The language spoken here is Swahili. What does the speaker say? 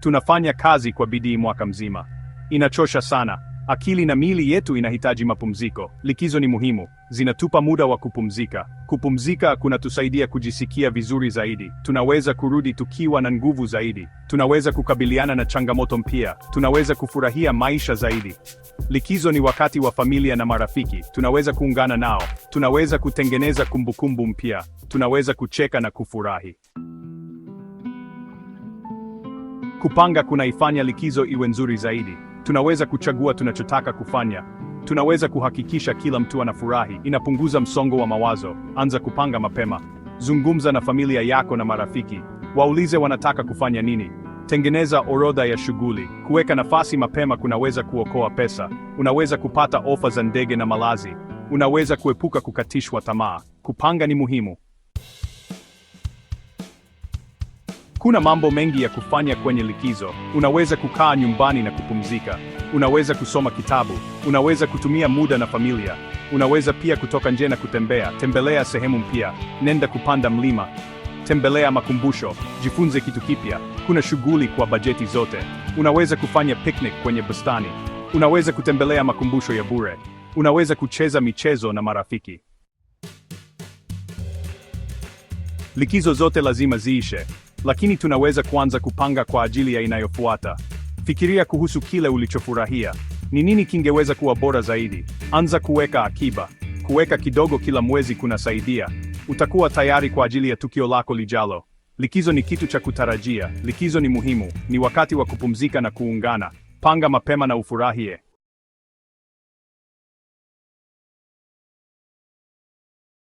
Tunafanya kazi kwa bidii mwaka mzima, inachosha sana. Akili na mili yetu inahitaji mapumziko. Likizo ni muhimu, zinatupa muda wa kupumzika. Kupumzika kunatusaidia kujisikia vizuri zaidi, tunaweza kurudi tukiwa na nguvu zaidi, tunaweza kukabiliana na changamoto mpya, tunaweza kufurahia maisha zaidi. Likizo ni wakati wa familia na marafiki, tunaweza kuungana nao, tunaweza kutengeneza kumbukumbu mpya, tunaweza kucheka na kufurahi. Kupanga kunaifanya likizo iwe nzuri zaidi. Tunaweza kuchagua tunachotaka kufanya. Tunaweza kuhakikisha kila mtu anafurahi. Inapunguza msongo wa mawazo. Anza kupanga mapema. Zungumza na familia yako na marafiki. Waulize wanataka kufanya nini. Tengeneza orodha ya shughuli. Kuweka nafasi mapema kunaweza kuokoa pesa. Unaweza kupata ofa za ndege na malazi. Unaweza kuepuka kukatishwa tamaa. Kupanga ni muhimu. Kuna mambo mengi ya kufanya kwenye likizo. Unaweza kukaa nyumbani na kupumzika, unaweza kusoma kitabu, unaweza kutumia muda na familia, unaweza pia kutoka nje na kutembea. Tembelea sehemu mpya, nenda kupanda mlima, tembelea makumbusho, jifunze kitu kipya. Kuna shughuli kwa bajeti zote. Unaweza kufanya picnic kwenye bustani, unaweza kutembelea makumbusho ya bure, unaweza kucheza michezo na marafiki. Likizo zote lazima ziishe lakini tunaweza kuanza kupanga kwa ajili ya inayofuata. Fikiria kuhusu kile ulichofurahia. Ni nini kingeweza kuwa bora zaidi? Anza kuweka akiba. Kuweka kidogo kila mwezi kunasaidia. Utakuwa tayari kwa ajili ya tukio lako lijalo. Likizo ni kitu cha kutarajia. Likizo ni muhimu, ni wakati wa kupumzika na kuungana. Panga mapema na ufurahie.